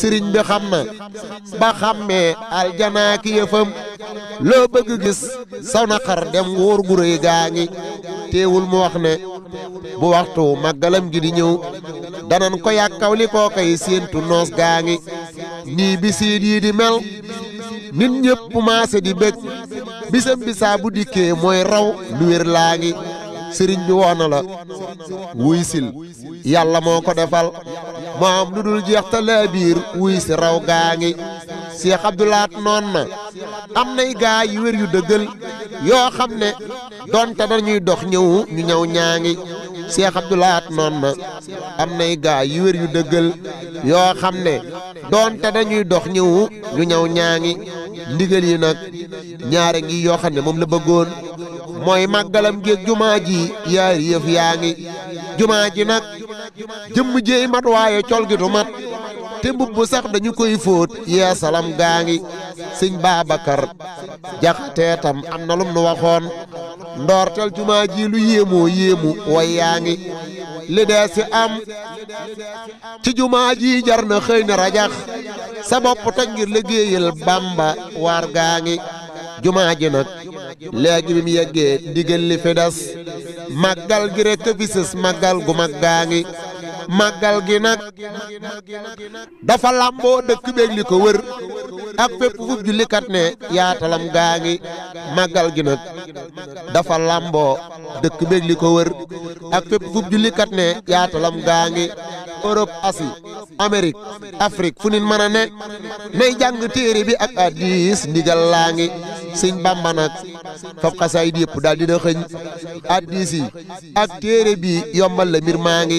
sëriñ bi xam na ba xàmmee aljanaak yëfam loo bëgg gis sa naqar dem wóor gu rëy gaa ngi teewul mu wax ne bu waxtu màggalam gi di ñëw danan ko yàkkaw li koo séentu noos gaa ngi nii bisiit yi di mel nit ñëpp maase di bëgg bisam bisaa bu dikkee mooy raw lu wér laa ngi sëriñ bi woo na la wuy sil yàlla moo ko defal moo am lu dul jeex te laa biir wuy si raw gaa ngi Cheikh Abdoulaat noon na am nay gaa yu wér yu dëggal yoo xam ne donte dañuy dox ñëwu ñu ñëw ñaa ngi Cheikh Abdoulaat noon na am nay gaa yu wér yu dëggal yoo xam ne donte dañuy dox ñëwu ñu ñëw ñaa ngi ndigal yi nag ñaare ngi yoo xam ne moom la bëggoon mooy màggalam géeg jumaa ji yaari yëf yaa ngi jumaa ji nag jëmm jéey mat waaye col mat te mbubb sax dañu koy fóot yeesalam gaa ngi sëñ Babacar am na lum nu waxoon ndoortel jumaa ji lu yéemoo yéemu way yaa ngi li am ci jumaa ji jar na xëy na rajax sa bopp toj ngir liggéeyal Bamba waar gaa ngi jumaa nag léegi bi mu yeggee ndigal li fi des gi rekk fi sës màggal gu mag gaa ngi màggal gi nag dafa làmboo dëkk beeg li ko wër ak fépp fu jullikat ne yaatalam gaa ngi màggal gi nag dafa làmboo dëkk beeg li ko wër ak fépp fu jullikat ne yaatalam gaa ngi Europe Asie Amérique Afrique fu nit mën ne nay jàng téere bi ak hadiis ndigal laa ngi sëñ Bamba nag fab xasaayid yëpp daal dina xëñ addis ak téere bi yombal la mbir maa ngi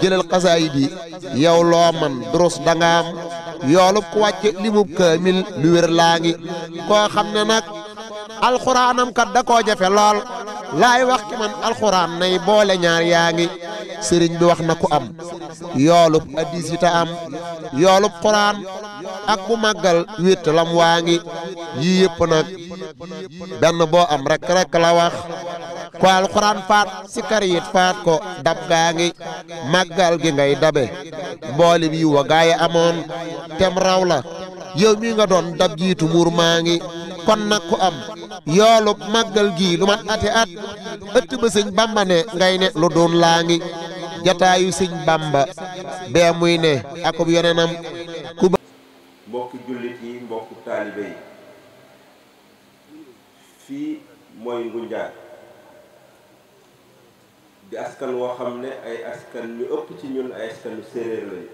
jëlal xasaayid yi yow loo man durus dangaam yoolub ku wàcce limub kaamil lu wér laa ngi koo xam ne nag alxuraanam kat da koo jafe lool laay wax ki man alxuraan nay boole ñaar yaa ngi sëriñ bi wax na ku am yoolub addis am yoolub xuraan ak bu màggal wétt waa ngi yii yëpp nag benn boo am rek rek la wax ko alxuraan faat sikar faat ko dab gaa ngi màggal gi ngay dabe mboolim yi wa gaay amoon tem raw la yow mi nga doon dab jiitu muur maa ngi kon nag ku am yoolub màggal gii lu mat ati at ëtt ba sëñ bamba ne ngay ne lu doon laa ngi jataayu sëñ bamba bee muy ne akub yonenam ku mbokki fii mooy Ngunjaan di askan woo xam ne ay askan ñu ëpp ci ñun ay askanu séeréer lañu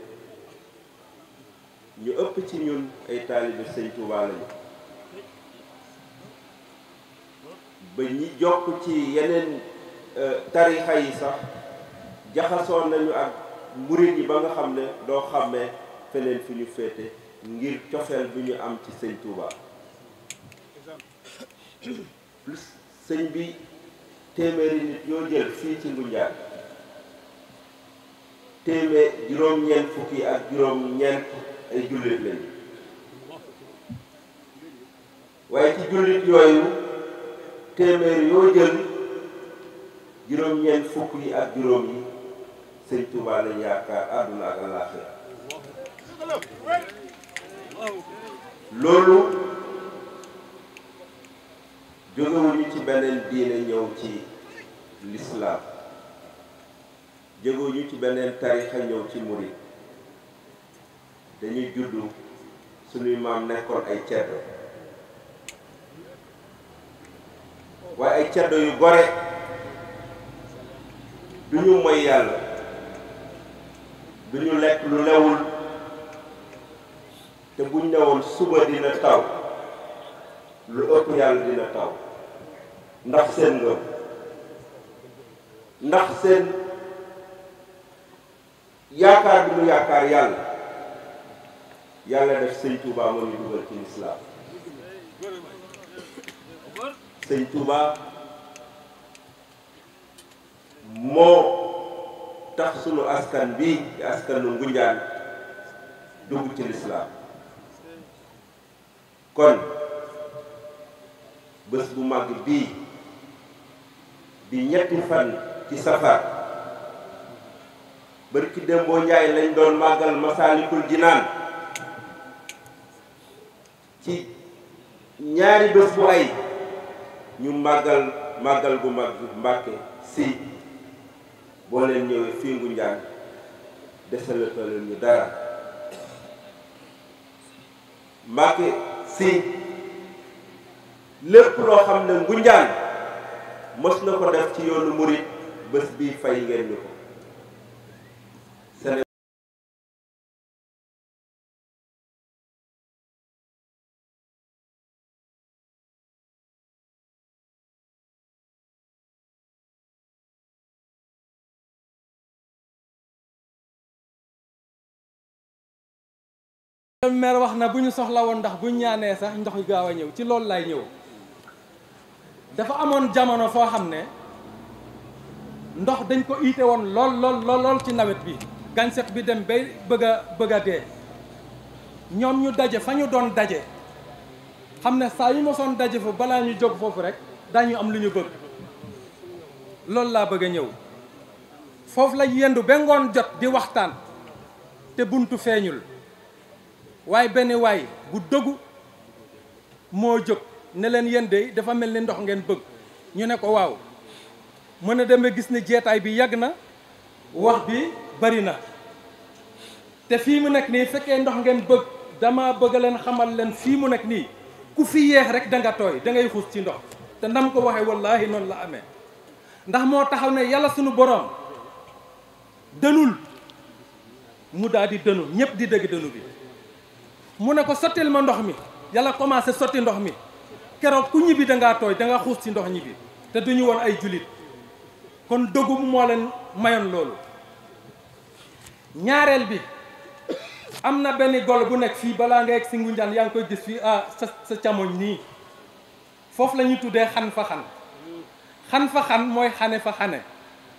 ñu ëpp ci ñun ay taalibe sëñ Tuubaa lañu ba ñi jokk ci yeneen e, tarixa yi sax jaxasoo nañu ak murit yi ba nga xam ne doo xàmmee feneen fi ñu féete ngir cofeel bu ñu am ci sëñ Tuubaa sëñ bi téeméeri nit yoo jël fii ci Ngunjaan téeméer juróom-ñeent fukki ak juróom-ñeent ay jullit lañ waaye ci jullit yooyu téeméer yoo jël juróom-ñeent fukk yi ak juróom yi sëñ Touba lañ yaakaar àdduna ak loolu jógewuñu ci beneen diine ñëw ci lislaam jógewuñu ci beneen tarixa ñëw ci murit dañuy juddu suñuy maam nekkoon ay ceddo waaye ay ceddo yu gore duñu moy yàlla duñu lekk lu lewul te buñ newoon suba dina taw lu ëpp yàlla dina taw ndax seen ngëm ndax seen yaakaar bi mu yaakaar yàlla yàlla def sëñ Touba moo moo tax sunu askan bi di askanu Ngunjaan dugg ci lislaam kon bés bu mag bii di ñetti fan ci safar bërki Dembo Njaay lañ doon màggal Masaalikul Jinaan ci ñaari bés bu ay ñu màggal màggal gu mag Mbàkke si boo leen ñëwee fii ngu njàng desalatal ñu dara Mbàkke si lépp loo xam ne ngu njàng mës na ko def ci yoonu murit bés bi fay ngeen ñu ko maire wax na bu ñu soxla woon ndax bu ñu ñaanee sax ndox yu gaaw a ñëw ci loolu lay ñëw dafa amoon jamono foo xam ne ndox dañ ko iite woon lool lool lool ci nawet bi gàncax bi dem bay bëgg a dee ñoom ñu daje fa ñu doon daje xam ne saa yu mosoon daje fa balaa ñu jóg foofu rek dañu am lu ñu bëgg loolu laa bëgg a ñëw foofu la yendu ba ngoon jot di waxtaan te buntu feeñul waaye benn waay bu dëggu moo jóg ne leen yéen de dafa mel ni ndox ngeen bëgg ñu ne ko waaw mën na demee gis ni jeetaay bi yàgg na wax bi bari na te fii mu nekk nii fekkee ndox ngeen bëgg dama bëgg leen xamal leen fii mu nekk nii ku fi yeex rek danga tooy dangay ngay xuus ci ndox te ndam ko waxee wallaahi noonu la amee ndax moo taxaw ne yàlla sunu boroom dënul mu daal di dënu ñëpp di dégg dënu bi mu ne ko sottil ma ndox mi yàlla commencé sotti ndox mi keroog ku ñibbi da ngaa tooy da nga xuus ci ndox ñibbi te duñu woon ay jullit kon dogum moo leen mayoon loolu ñaareel bi am na benn gol bu nekk fii balaa nga egg si Ngunjaan yaa ngi koy gis fi ah sa sa camoñ nii foofu lañuy tuddee xan fa xan xan fa xan mooy xane fa xane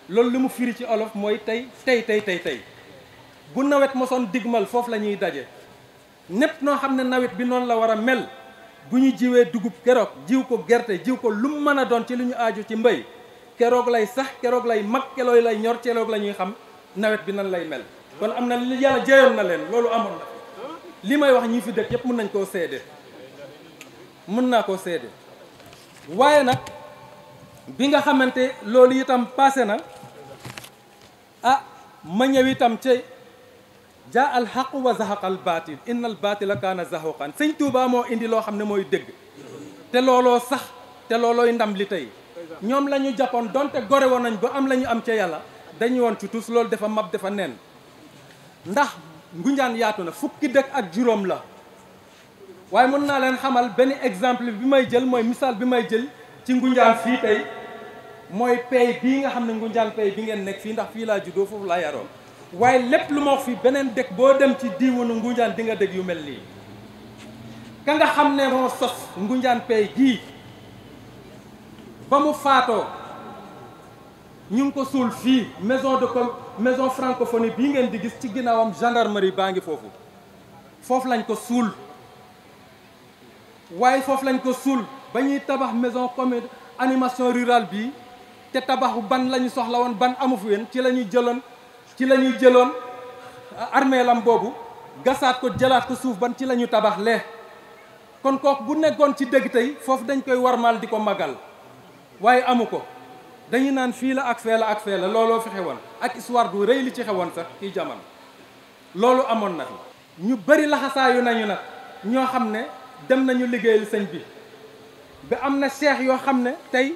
loolu li mu firi ci olof mooy tey tey tey tey tey bu nawet mosoon digmal foofu lañuy daje népp noo xam ne nawet bi noonu la war a mel bu ñu jiwee dugub keroog jiw ko gerte jiw ko lu mën a doon ci lu ñu aaju ci mbay keroog lay sax keroog lay mag keroog lay ñor keroog la ñuy xam nawet bi na lay mel kon am na li yàlla jeeyoon na leen loolu amoon na li may wax ñi fi dëkk yëpp mun nañ koo seede mun naa koo seede waaye nag bi nga xamante loolu itam passé na ah ma ñëw itam ci jaa alxaqu wa zahaqa al baatil inna al baatila kaana zahuqan sëñ Touba moo indi loo xam ne mooy dëgg te looloo sax te loolooy ndam li tey ñoom lañu jàppoon donte gore woon nañ ba am la ñu am ca yàlla dañuy woon ci tus loolu dafa mab dafa nen ndax Ngunjaan yaatu na fukki dëkk ak juróom la waaye mën naa leen xamal benn exemple bi may jël mooy misaal bi may jël ci Ngunjaan fii tey mooy pay bii nga xam ne Ngunjaan pay bi ngeen nekk fii ndax fii laa juddoo foofu laa yaroon waaye lépp lu ma wax fii beneen dëkk boo dem ci diiwanu Ngunjaan di nga dégg yu mel nii ka nga xam ne moo sos Ngunjaan pay gii ba mu faatoo ñu ngi ko suul fii maison de com maison francophonie bii ngeen di gis ci ginnaawam gendarmerie baa ngi foofu foofu lañ ko suul waaye foofu lañ ko suul ba ñuy tabax maison comme animation rural bi te tabaxu ban lañu soxla woon ban amu fi ween ci lañuy jëloon ci lañuy jëloon armeelam boobu gasaat ko jëlaat ko suuf ban ci lañuy ñu kon kooku bu nekkoon ci dëgg tey foofu dañ koy warmaal di ko magal waaye amu ko dañu naan fii la ak fee la ak fee la looloo fi xewoon ak histoire bu rëy li ci xewoon sax kii jamono loolu amoon na fi ñu bëri laxasaayu nañu nag ñoo xam ne dem nañu liggéeyal sëñ bi ba am na seex yoo xam ne tey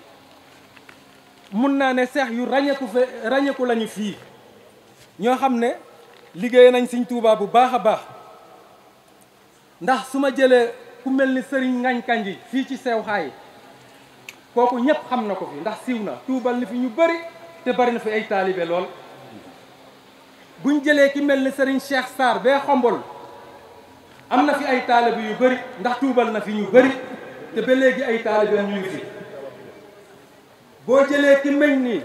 mun naa ne seex yu ràññeeku fe ràññeeku lañu fii ñoo xam ne liggéey nañ siñ Tuubaa bu baax a baax ndax su ma jëlee ku mel ni sëriñ Ngagne Kandji fii ci sew xaay kooku ñëpp xam na ko fi ndax siiw na tuubal ni fi ñu bari te bëri na fi ay taalibe lool buñ jëlee ki mel ni sëriñ Cheikh Sarr bee xombol am na fi ay taalibe yu bëri ndax tuubal na fi ñu bëri te ba léegi ay taalibe ñu fi boo jëlee ki meñ ni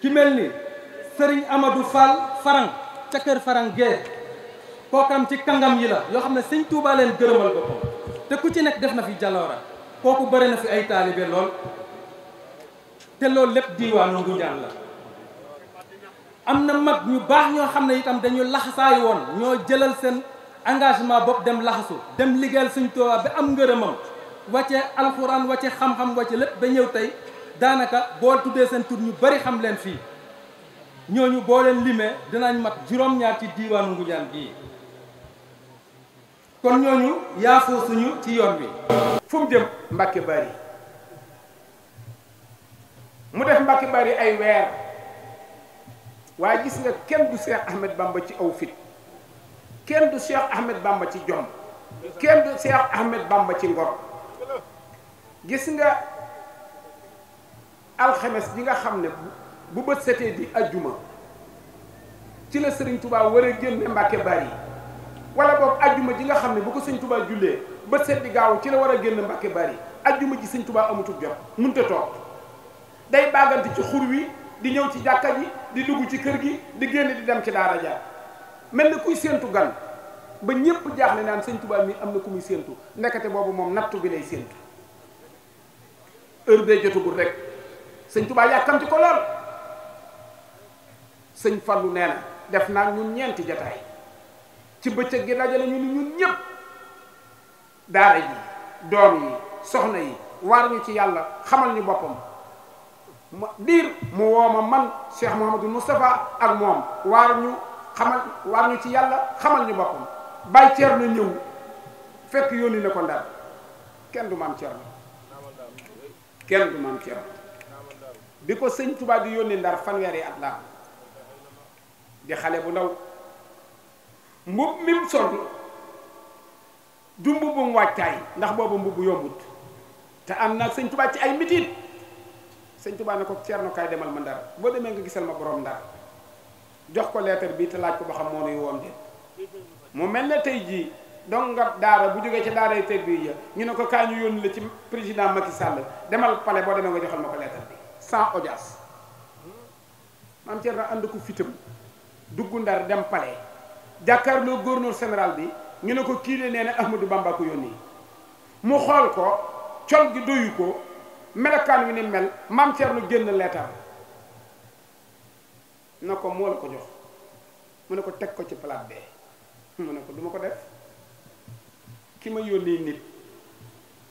ki mel ni Serigne amadu Fall faran ca kër faran Guèye kookam ci kàngam yi la yoo xam ne sëñ Touba leen gërëmal boppam te ku ci nekk def na fi jaloora kooku bëri na fi ay taalibe lool te loolu lépp diiwaanu Ngoundiane la. am na mag ñu baax ñoo xam ne itam dañu laxasaayu woon ñoo jëlal seen engagement bopp dem laxasu dem liggéeyal suñ Touba ba am ngërëmam wàcce alxuraan wàcce xam-xam wàcce lépp ba ñëw tey daanaka boo tuddee seen tur ñu bari xam leen fii. ñooñu boo leen limee dinañ mat juróom-ñaar ci diiwaanu Ngujaan bii kon ñooñu yaafoo suñu ci yoon bi fu jëm Mbàkke Bari mu def Mbàkke Bari ay weer waaye gis nga kenn du Cheikh Ahmed Bamba ci aw fit kenn du Cheikh Ahmed Bamba ci jom kenn du Cheikh Ahmed Bamba ci ngor gis nga alxemes bi nga xam ne bu bët setee di ajjuma ci la sëriñ tubaa war a génne mbàkke bari wala boog ajjuma ji nga xam ne bu ko sëñ tubaa jullee bët set di gaaw ci la war a génne mbàkke bari ajjuma ji sëñ tubaa amatul jot te toog day baagante ci xur wi di ñëw ci jàkka ji di dugg ci kër gi di génn di dem ci daara ja mel ni kuy séentu gan ba ñépp jaaxle naan sëñ tubaa mi am na ku muy séentu ndekete boobu moom nattu bi lay séentu heure bee jotagul rek sëñ tubaa yàkkamti sëñ Fallou nee na def naa ñun ñeenti jataay ci bëccëg gi dajale ñu ni ñun ñëpp daara ji doom yi soxna yi waar ñu ci yàlla xamal ñu boppam ma diir mu wooma man Cheikh Mouhamadou Moustapha ak moom waar ñu xamal waar ñu ci yàlla xamal ñu boppam bàyyi ceer na ñëw fekk yónni na ko ndar kenn du maam ceer kenn du maam ceer bi ko sëñ Tuubaa di yónni ndar fanweeri at laa di xale bu ndaw mbub mi mu sol du mbubum wàccaay ndax boobu mbubu yombut te am na sëñ tubaa ci ay mitit sëñ tubaa ne ko ceerno demal ma ndar boo demee nga gisal ma borom ndar jox ko leetar bi te laaj ko ba xam moo nuy woon de mu mel ne tey jii donc nga daara bu jógee ci daara yi tërbiya ñu ne ko kaa ñu yónni la ci président Macky demal palais boo demee nga joxal ma ko leetar bi sans audience maam ceerno ànd ko fitam dugg ndar dem palais jàkkaarloo gouverneur général bi ñu ne ko kii de nee na Ahmadou Bamba ko yónni mu xool ko col gi doyu ko melokaan wi ni mel maam Thierno génn leetar na ko moo la ko jox mu ne ko teg ko ci palaat be mu ne ko duma ko def ki ma yónni nit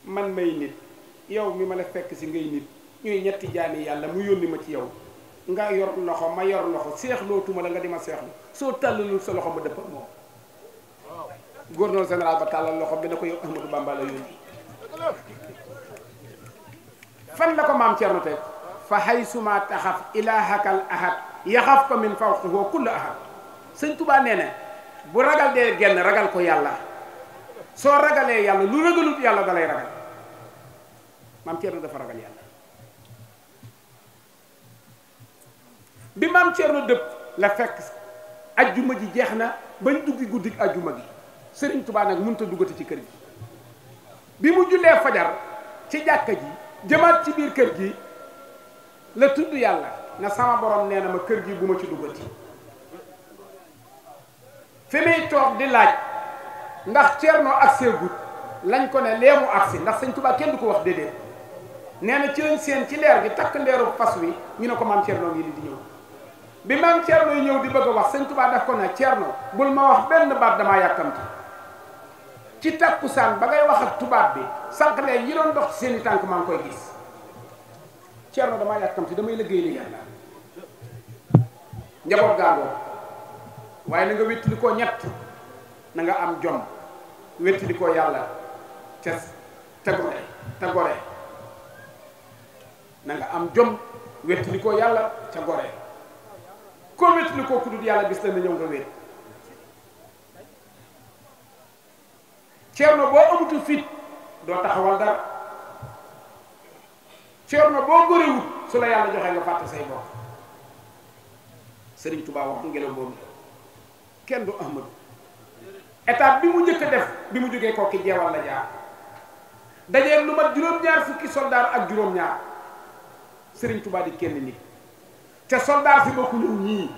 man may nit yow mi ma la fekk si ngay nit ñuy ñetti jaami yàlla mu yónni ma ci yow nga yor loxo mayor yor loxo seexlootuma la nga di ma seexlu soo tàllalul sa loxo ma dëpp moom gouverneur général ba tàllal loxo bi ko yow Ahmadou Bamba la fan la ko maam Thierno teg fa haysuma taxaf ilaahakal ahad yaxaf ko min fawqihi kullu ahad sëñ Tuubaa nee na bu ragal dee genn ragal ko yàlla soo ragalee yàlla lu ragalut yàlla dalay ragal maam Thierno dafa ragal yàlla bi maam Thierno dëpp la fekk ajjuma ji jeex na bañ duggi guddik ajjuma gi Serigne tubaa nag mënut a duggati ci kër gi bi mu jullee fajar ci jàkka ji jëmaat ci biir kër gi la tudd yàlla na sama borom nee na ma kër gi bu ma ci duggati fi muy toog di laaj ndax Thierno ak seegut lañ ko ne leemu agsi ndax sëñ Touba kenn du ko wax déedéet nee na ci lañ seen ci leer gi takk leeru fas wi ñu ne ko maam Thierno ngi di ñëw. bi maam Thierno ñëw di bëgg a wax sëñ Tuubaa daf ko ne Thierno bul ma wax benn baat damaa yàkkamti ci takkusaan ba ngay wax tubaab bi sànq leen yi doon dox ci seen i tànk maa ngi koy gis Thierno damaa yàkkamti damay liggéey li yàlla njaboot gaangoo waaye na nga wéttali ñett na nga am jom wéttali koo yàlla te tagore tagore nga am jom wéttali koo yàlla ca gore ko wét koo kuddut yàlla gis la na ñëw nga wéet ceerno boo amutu fit doo taxawal dara ceerno boo góorewut su la yàlla joxee nga fàtte say bokk Sëriñ Tuubaa wax ngelaw boobu kenn du Ahmadu étape bi mu jëkk def bi mu jógee kooki jeewal la jaar dajee lu mat juróom-ñaar fukki soldaar ak juróom-ñaar Sëriñ Tuubaa di kenn nit te soldat si bokku ñun ñii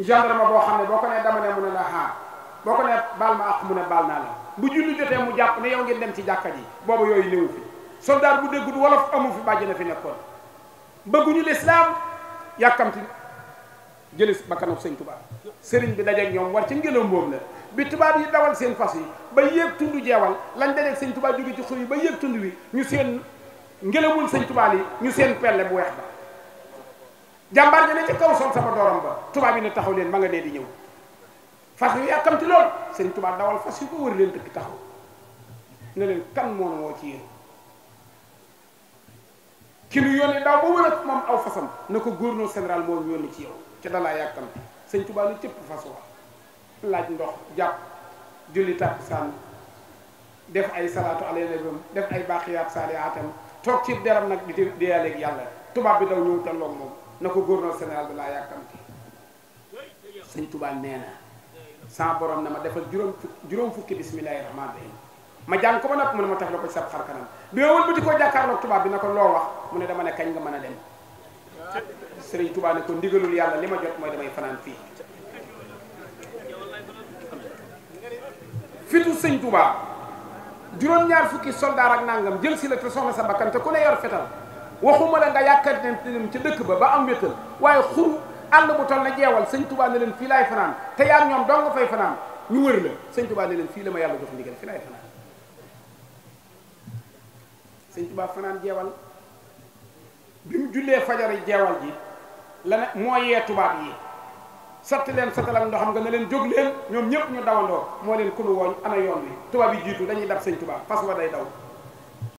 gendarme boo xam ne boo ko nee dama ne mu ne la xaar boo ko nee baal ma ak mu ne baal naa la bu julli jotee mu jàpp ne yow ngeen dem ci jàkka ji boobu yooyu néew fi soldat bu déggut wolof amu fi bàjj na fi nekkoon bëgguñu lislaam yàkkamti jëlis bakkanam sëñ tubaab sëriñ bi dajeeg ñoom war ci ngelaw mboom la bi tubaab yi dawal seen fas yi ba yéeg tund jeewal lañ dajeeg tubaal tubaab jóge ci xur yi ba yéeg tund wi ñu seen ngelawul sëñ tubaab yi ñu seen pelle bu weex ba jàmbaar ja ne ca kaw sol sama dooram ba tubaab yi ne taxaw leen ma nga nee di ñëw fas yu yàkkamti lool sëriñ tubaab dawal fas yu ko wër leen dëkk taxaw ne leen kan moo woo ci yéen ki nu yónnee daaw ba wër ak moom aw fasam ne ko gouverneur général moo yónni ci yow ci dalaa yàkkamti sëñ tubaab lu cëpp fas wa laaj ndox jàpp julli tàkkusaan def ay salaatu alayhi def ay baaxiyaat saalihaatam toog ci deram nag di di yàlla yàlla tubaab bi daw ñëw talloog moom na ko gouverneur général bi laa yàkkamti sëñ Touba nee na sama borom na ma defal juróom fukki juróom fukki bismillahi rahmaani rahim ma jàng ko ba noppi mu ne ma taf la ko ci sab xar kanam bi ma wëlbati koo jàkkaarloog tubaab bi na ko loo wax mu ne dama ne kañ nga man a dem sëriñ Touba ne ko ndigalul yàlla li ma jot mooy damay fanaan fii fitu sëñ Touba juróom-ñaar fukki soldaar ak nangam jël si la te soxna sa bakkan te ku ne yor fetal waxuma la nga yàkkarten leen ca dëkk ba ba am wétal waaye xuru àll bu toll na jeewal sëñ tubaa ne leen fii laay fanaan te yaar ñoom dong nga fay fanaan ñu wër la sëñ tubaa ne leen fii la ma yàlla jox ndigal fii laay fanaan sëñ fanaan jeewal bi mu jullee fajari jeewal ji la ne moo yee tubaab yi satt leen sattalak ndoxam nga ne leen jóg leen ñoom ñëpp ñu dawandoo moo leen kunu wooñ ana yoon bi tubaab yi jiitu dañuy dab sëñ tubaa fas wa day daw